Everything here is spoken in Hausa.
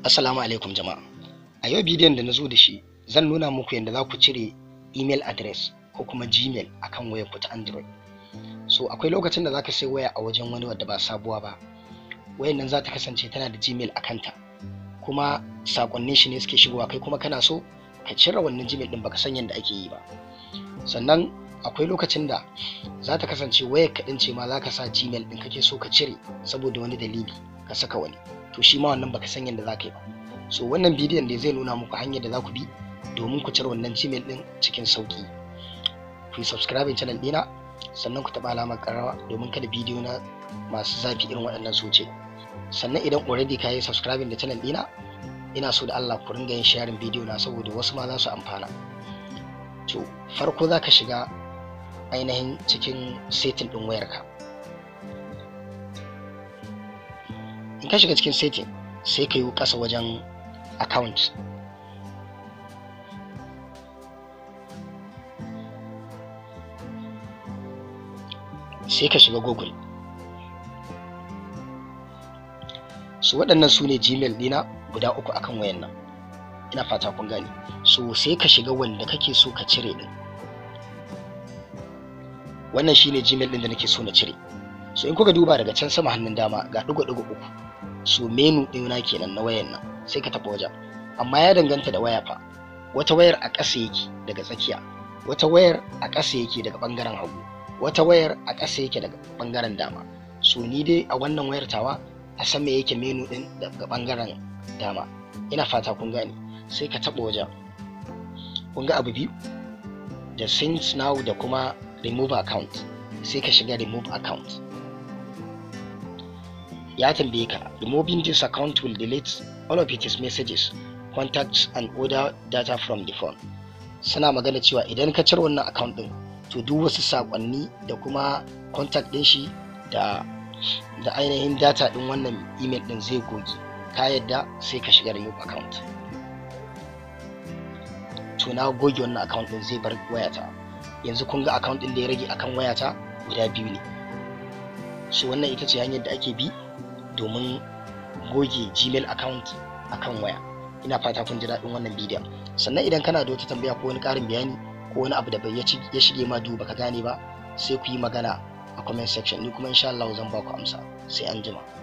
Assalamu alaikum jama'a. A yau bidiyon da na zo da shi zan nuna muku yadda za ku cire email address ko kuma gmail akan wayar ku ta Android. So akwai lokacin da za ka sai waya a wajen wani wadda ba sabuwa ba. Wayan nan za ta kasance tana da gmail a kanta. Kuma sakonni shi ne suke shigowa kai kuma kana so ka cire wannan gmail din baka san yadda ake yi ba. Sannan akwai lokacin da za ta kasance wayar kaɗin ce ma za ka sa gmail din kake so ka cire saboda wani dalili ka saka wani. to shi ma wannan baka san yadda za ka yi ba so wannan bidiyon ne zai nuna muku hanyar da za ku bi domin ku cire wannan gmail din cikin sauki ku yi subscribe channel dina sannan ku taba alamar karawa domin kada bidiyo na masu zafi irin waɗannan su ce sannan idan already ka yi subscribe da channel dina ina so da Allah ku ringa yin sharing bidiyo na saboda wasu ma za su amfana to farko za ka shiga ainihin cikin setin ɗin wayarka ka shiga cikin setting sai ka yi kasa wajen account sai ka shiga google su waɗannan su ne gmail dina guda uku akan wayan nan ina fata kun gane so sai ka shiga wanda kake so ka cire din wannan shine gmail din da nake so na cire so in kuka duba daga can sama hannun dama ga ɗigo-ɗigo uku so menu ɗin kenan na wayan nan sai ka taɓa wajen amma ya danganta da waya fa wata wayar a ƙasa yake daga tsakiya wata wayar a ƙasa yake daga ɓangaren hagu wata wayar a ƙasa yake daga ɓangaren dama so ni dai a wannan wayar tawa a sama yake menu ɗin daga ɓangaren dama ina fata kun gane sai ka taɓa wajen kun ga abu biyu da since now da kuma remove account sai ka shiga remove account ya tambaye ka removing this account will delete all of its messages contacts and other data from the phone suna magana cewa idan ka cire wannan account din to duk wasu sakonni da kuma contact din shi da da ainihin data din wannan email din zai goge ka yadda sai ka shiga new account to na goge wannan account din zai bar wayata yanzu kun ga account din da ya rage akan wayata guda biyu ne shi wannan ita ce hanyar da ake bi domin goge gmail account akan waya ina fata kun ji daɗin wannan bidiyon sannan idan kana da wata tambaya ko wani ƙarin bayani ko wani abu da bai ya shige ma duba ka gane ba sai ku yi magana a comment section ni kuma insha Allah zan ba ku amsa sai anjima.